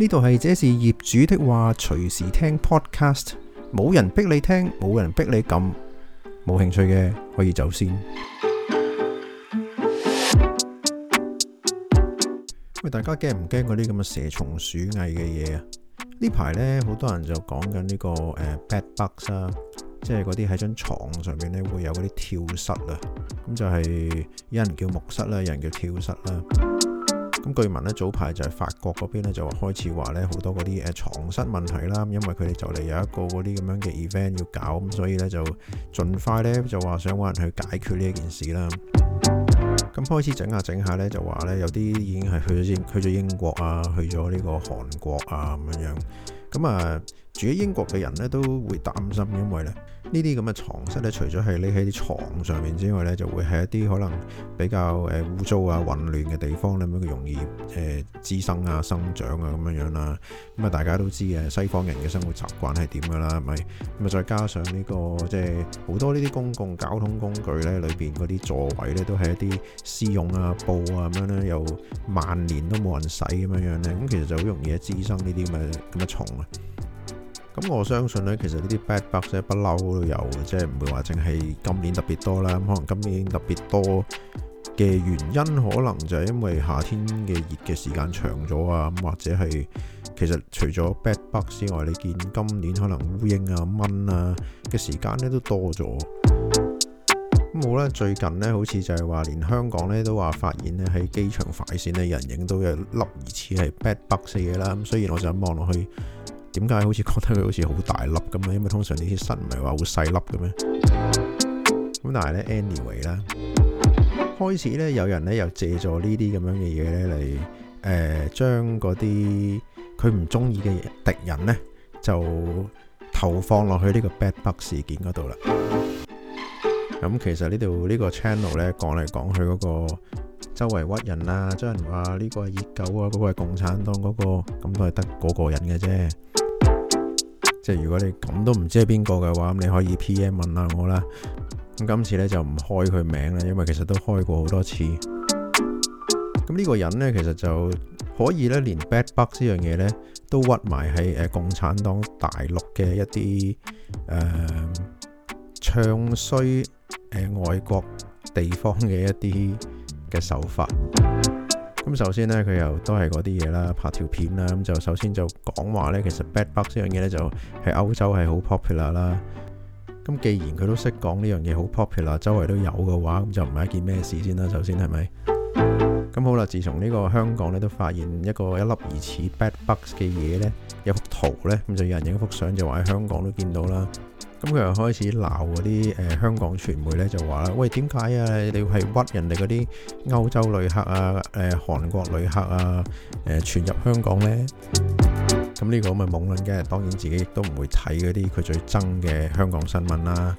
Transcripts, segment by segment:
呢度係這是這業主的話，隨時聽 podcast，冇人逼你聽，冇人逼你撳，冇興趣嘅可以先走先。喂，大家驚唔驚嗰啲咁嘅蛇蟲鼠蟻嘅嘢啊？呢排呢，好多人就講緊呢個誒、呃、bedbugs 啊，即係嗰啲喺張床上面咧會有嗰啲跳虱啊，咁就係有人叫木虱啦，有人叫跳虱啦。咁據聞咧，早排就係法國嗰邊咧，就開始話咧好多嗰啲誒床蝨問題啦。因為佢哋就嚟有一個嗰啲咁樣嘅 event 要搞，咁所以咧就盡快咧就話想揾人去解決呢一件事啦。咁開始整下整下咧，就話咧有啲已經係去咗英，去咗英國啊，去咗呢個韓國啊咁樣。咁啊、嗯，住喺英國嘅人咧都會擔心，因為咧呢啲咁嘅床蝨咧，除咗係匿喺啲床上面之外咧，就會係一啲可能比較誒污糟啊、混亂嘅地方咁樣，佢容易誒、呃、滋生啊、生長啊咁樣樣啦。咁啊，大家都知嘅，西方人嘅生活習慣係點㗎啦，係咪？咁啊，再加上呢、這個即係好多呢啲公共交通工具咧，裏邊嗰啲座位咧，都係一啲絲絨啊、布啊咁樣咧、啊，又萬年都冇人洗咁樣、啊、樣咧、啊，咁其實就好容易滋生呢啲咁嘅咁嘅蟲。咁我相信呢，其實呢啲 bad bugs 不嬲都有，即係唔會話淨係今年特別多啦。咁可能今年已經特別多嘅原因，可能就係因為夏天嘅熱嘅時間長咗啊。咁或者係其實除咗 bad bugs 之外，你見今年可能烏蠅啊、蚊啊嘅時間呢都多咗。咁好啦，最近呢好似就係話，連香港呢都話發現呢喺機場快線呢，人影都有粒疑似係 bad bugs 嘅嘢啦。咁雖然我就望落去。點解好似覺得佢好似好大粒咁咧？因為通常啲蝨唔係話好細粒嘅咩？咁但係咧，anyway 啦，開始咧有人咧又借助這這呢啲咁樣嘅嘢咧嚟，誒將嗰啲佢唔中意嘅敵人咧就投放落去呢個 bed bug 事件嗰度啦。咁、嗯、其實、這個、呢度呢個 channel 咧講嚟講去嗰個周圍屈人啊，周圍話呢個係熱狗啊，嗰、那個係共產黨嗰、那個，咁、那個、都係得嗰個人嘅啫。即係如果你咁都唔知係邊個嘅話，你可以 P. M. 問下我啦。咁今次咧就唔開佢名啦，因為其實都開過好多次。咁呢個人呢，其實就可以咧，連 bed bug 呢樣嘢呢，都屈埋喺誒共產黨大陸嘅一啲誒、呃、唱衰誒、呃、外國地方嘅一啲嘅手法。咁首先呢，佢又都係嗰啲嘢啦，拍條片啦。咁就首先就講話呢，其實 bed bugs 呢樣嘢呢，就喺歐洲係好 popular 啦。咁既然佢都識講呢樣嘢好 popular，周圍都有嘅話，咁就唔係一件咩事先啦。首先係咪？咁好啦，自從呢個香港呢，都發現一個一粒疑似 bed bugs 嘅嘢呢，有幅圖呢，咁就有人影幅相，就話喺香港都見到啦。咁佢又開始鬧嗰啲誒香港傳媒咧，就話啦：喂，點解啊？你係屈人哋嗰啲歐洲旅客啊、誒韓國旅客啊誒傳入香港咧？咁呢個咁嘅懵撚嘅，當然自己亦都唔會睇嗰啲佢最憎嘅香港新聞啦。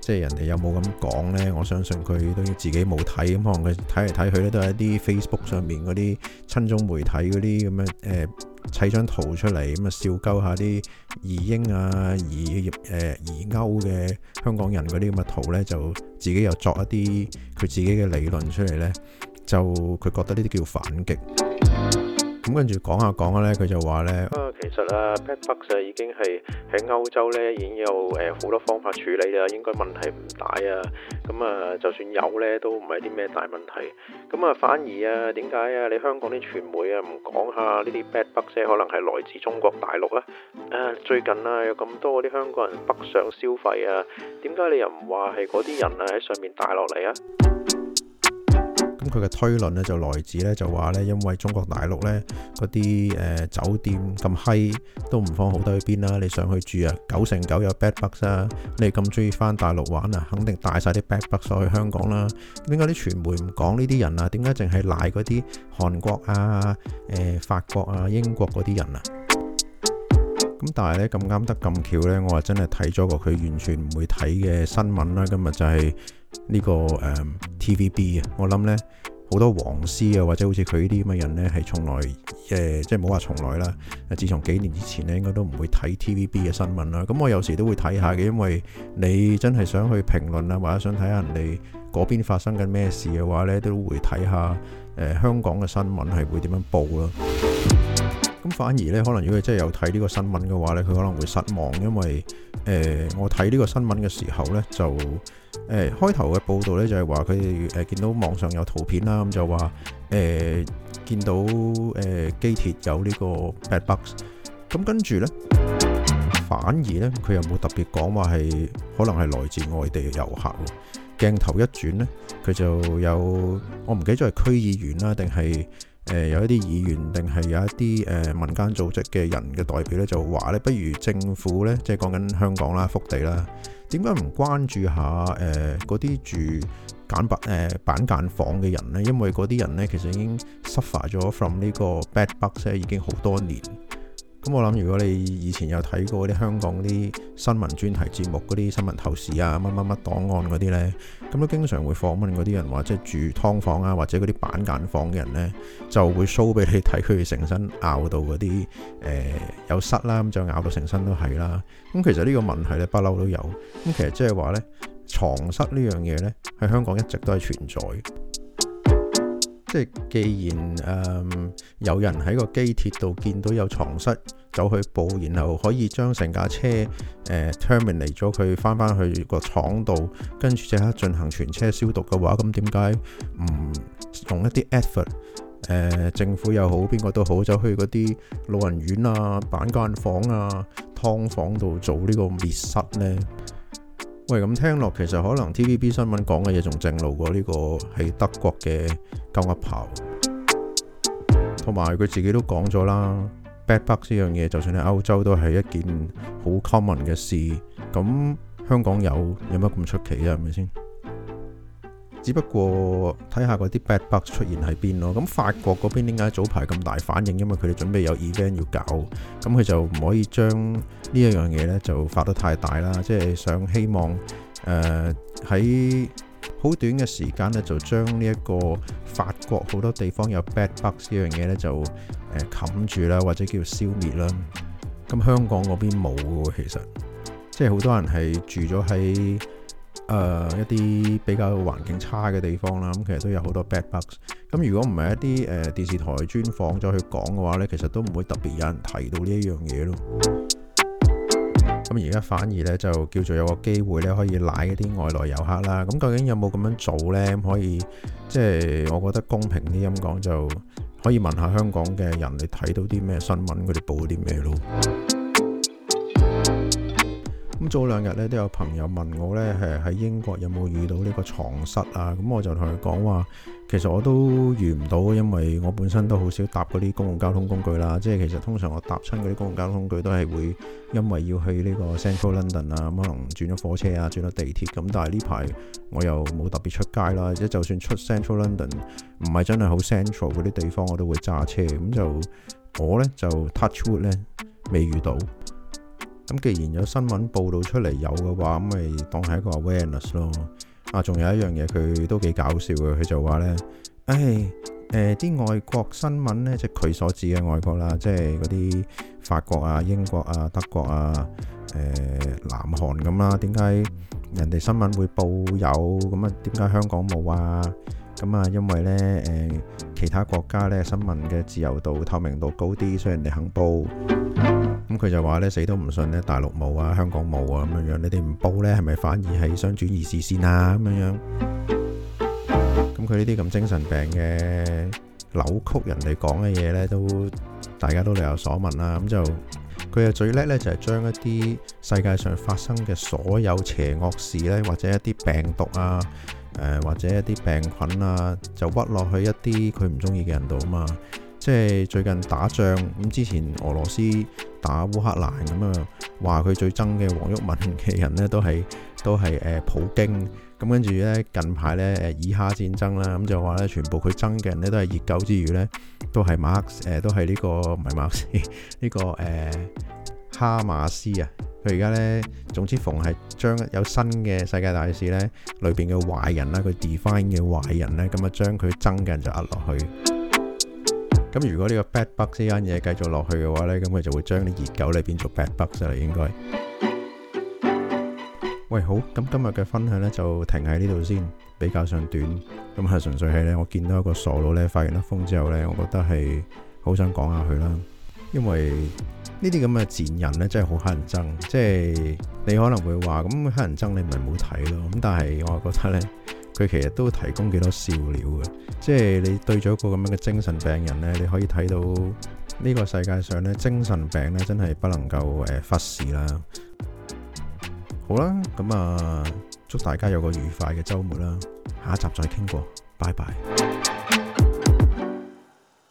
即係人哋有冇咁講咧？我相信佢都要自己冇睇，咁可能佢睇嚟睇去咧都係一啲 Facebook 上面嗰啲親中媒體嗰啲咁樣誒。砌張圖出嚟，咁啊笑鳩下啲移英啊、移葉誒移歐嘅香港人嗰啲咁嘅圖呢，就自己又作一啲佢自己嘅理論出嚟呢，就佢覺得呢啲叫反擊。咁跟住講下講下咧，佢就話咧啊，其實啊，bed bugs 就已經係喺歐洲咧已經有誒好多方法處理啦，應該問題唔大啊。咁啊，就算有咧，都唔係啲咩大問題。咁啊，反而啊，點解啊，你香港啲傳媒啊唔講下呢啲 bed bugs 可能係來自中國大陸啊？誒，最近啊，有咁多啲香港人北上消費啊，點解你又唔話係嗰啲人啊喺上面帶落嚟啊？佢嘅推論咧就來自咧就話咧，因為中國大陸咧嗰啲誒酒店咁閪都唔放好底喺邊啦，你上去住啊九成九有 bed bugs 啊！你咁中意翻大陸玩啊，肯定帶晒啲 bed bugs 去香港啦。點解啲傳媒唔講呢啲人啊？點解淨係賴嗰啲韓國啊、誒、呃、法國啊、英國嗰啲人啊？咁但係咧咁啱得咁巧咧，我話真係睇咗個佢完全唔會睇嘅新聞啦。今日就係呢個誒 TVB 啊，我諗咧好多黃絲啊，或者好似佢呢啲咁嘅人咧，係從來誒即係冇話從來啦。自從幾年之前咧，應該都唔會睇 TVB 嘅新聞啦。咁我有時都會睇下嘅，因為你真係想去評論啊，或者想睇下人哋嗰邊發生緊咩事嘅話咧，都會睇下誒香港嘅新聞係會點樣報咯。咁反而咧，可能如果佢真係有睇呢個新聞嘅話咧，佢可能會失望，因為誒，我睇呢個新聞嘅時候咧，就誒開頭嘅報道咧就係話佢哋誒見到網上有圖片啦，咁就話誒見到誒機鐵有呢個 bed bugs，咁跟住咧反而咧佢又冇特別講話係可能係來自外地嘅遊客，鏡頭一轉咧佢就有我唔記得咗係區議員啦，定係。誒、呃、有一啲議員定係有一啲誒、呃、民間組織嘅人嘅代表咧，就話咧，不如政府咧，即係講緊香港啦、福地啦，點解唔關注下誒嗰啲住簡白誒板間房嘅人咧？因為嗰啲人咧，其實已經 suffer 咗 from 呢個 bed bugs 已經好多年。咁我諗，如果你以前有睇過啲香港啲新聞專題節目，嗰啲新聞透視啊、乜乜乜檔案嗰啲呢，咁都經常會訪問嗰啲人，或者住劏房啊，或者嗰啲板間房嘅人呢，就會 show 俾你睇，佢哋成身咬到嗰啲誒有蝨啦，咁就咬到成身都係啦。咁其實呢個問題呢，不嬲都有。咁其實即係話呢，床蝨呢樣嘢呢，喺香港一直都係存在。即係，既然誒、呃、有人喺個機鐵度見到有床蝨，走去報，然後可以將成架車誒 terminate 咗，佢翻返去個廠度，跟住即刻進行全車消毒嘅話，咁點解唔用一啲 effort？誒，政府又好，邊個都好，走去嗰啲老人院啊、板間房啊、劏房度做呢個滅蝨呢？喂，咁聽落，其實可能 TVB 新聞講嘅嘢仲正路過呢個喺德國嘅鳩噏炮，同埋佢自己都講咗啦，bedbug 呢樣嘢，就算喺歐洲都係一件好 common 嘅事，咁香港有有乜咁出奇啊，係咪先。只不過睇下嗰啲 bed bugs 出現喺邊咯。咁法國嗰邊點解早排咁大反應？因為佢哋準備有 event 要搞，咁佢就唔可以將呢一樣嘢咧就發得太大啦。即係想希望誒喺好短嘅時間咧就將呢一個法國好多地方有 bed bugs 呢樣嘢咧就誒冚住啦，或者叫做消滅啦。咁香港嗰邊冇喎，其實即係好多人係住咗喺。誒、呃，一啲比較環境差嘅地方啦，咁其實都有好多 bed bugs。咁如果唔係一啲誒、呃、電視台專訪咗去講嘅話呢，其實都唔會特別有人提到呢一樣嘢咯。咁而家反而呢，就叫做有個機會有有呢，可以賴一啲外來遊客啦。咁究竟有冇咁樣做呢？咁可以即係我覺得公平啲咁講，就可以問下香港嘅人你，你睇到啲咩新聞，佢哋報啲咩咯？咁早兩日咧，都有朋友問我咧，係喺英國有冇遇到呢個床蝨啊？咁我就同佢講話，其實我都遇唔到，因為我本身都好少搭嗰啲公共交通工具啦。即係其實通常我搭親嗰啲公共交通工具都係會因為要去呢個 Central London 啊，咁可能轉咗火車啊，轉咗地鐵。咁但係呢排我又冇特別出街啦，即就算出 Central London，唔係真係好 Central 嗰啲地方，我都會揸車。咁就我呢，就 touch wood 咧，未遇到。咁既然有新聞報道出嚟有嘅話，咁咪當係一個 awareness 咯。啊，仲有一樣嘢，佢都幾搞笑嘅。佢就話呢唉，啲、哎呃、外國新聞呢，即係佢所指嘅外國啦，即係嗰啲法國啊、英國啊、德國啊、誒、呃、南韓咁啦。點解人哋新聞會報有？咁啊，點解香港冇啊？咁啊，因為呢，誒、呃、其他國家呢，新聞嘅自由度、透明度高啲，所以人哋肯報。咁佢就話咧，死都唔信咧，大陸冇啊，香港冇啊，咁樣樣你哋唔報咧，係咪反而係想轉移視線啊？咁樣樣，咁佢呢啲咁精神病嘅扭曲人哋講嘅嘢咧，都大家都略有所聞啦。咁就佢啊最叻咧，就係、是、將一啲世界上發生嘅所有邪惡事咧，或者一啲病毒啊，誒、呃、或者一啲病菌啊，就屈落去一啲佢唔中意嘅人度啊嘛。即係最近打仗咁，之前俄羅斯打烏克蘭咁啊，話佢最憎嘅黃毓民嘅人呢，都係都係誒普京。咁跟住呢，近排呢，誒以哈戰爭啦，咁就話呢，全部佢憎嘅人咧都係熱狗之餘呢，都係馬克誒都係呢、呢個唔係馬克思呢個誒、呃、哈馬斯啊。佢而家呢，總之逢係將有新嘅世界大事呢裏邊嘅壞人啦，佢 define 嘅壞人呢，咁啊將佢憎嘅人就壓落去。咁如果呢個 bed bug 呢間嘢繼續落去嘅話咧，咁佢就會將啲熱狗嚟變做 bed bug 啦，應該。喂，好，咁今日嘅分享咧就停喺呢度先，比較上短。咁係純粹係咧，我見到一個傻佬咧，發完風之後咧，我覺得係好想講下佢啦。因為呢啲咁嘅賤人咧，真係好乞人憎。即係你可能會話，咁乞人憎你咪唔好睇咯。咁但係我覺得咧。佢其實都提供幾多笑料嘅，即係你對咗一個咁樣嘅精神病人呢，你可以睇到呢個世界上呢，精神病呢真係不能夠誒忽視啦。好啦，咁啊祝大家有個愉快嘅周末啦，下一集再傾過，拜拜。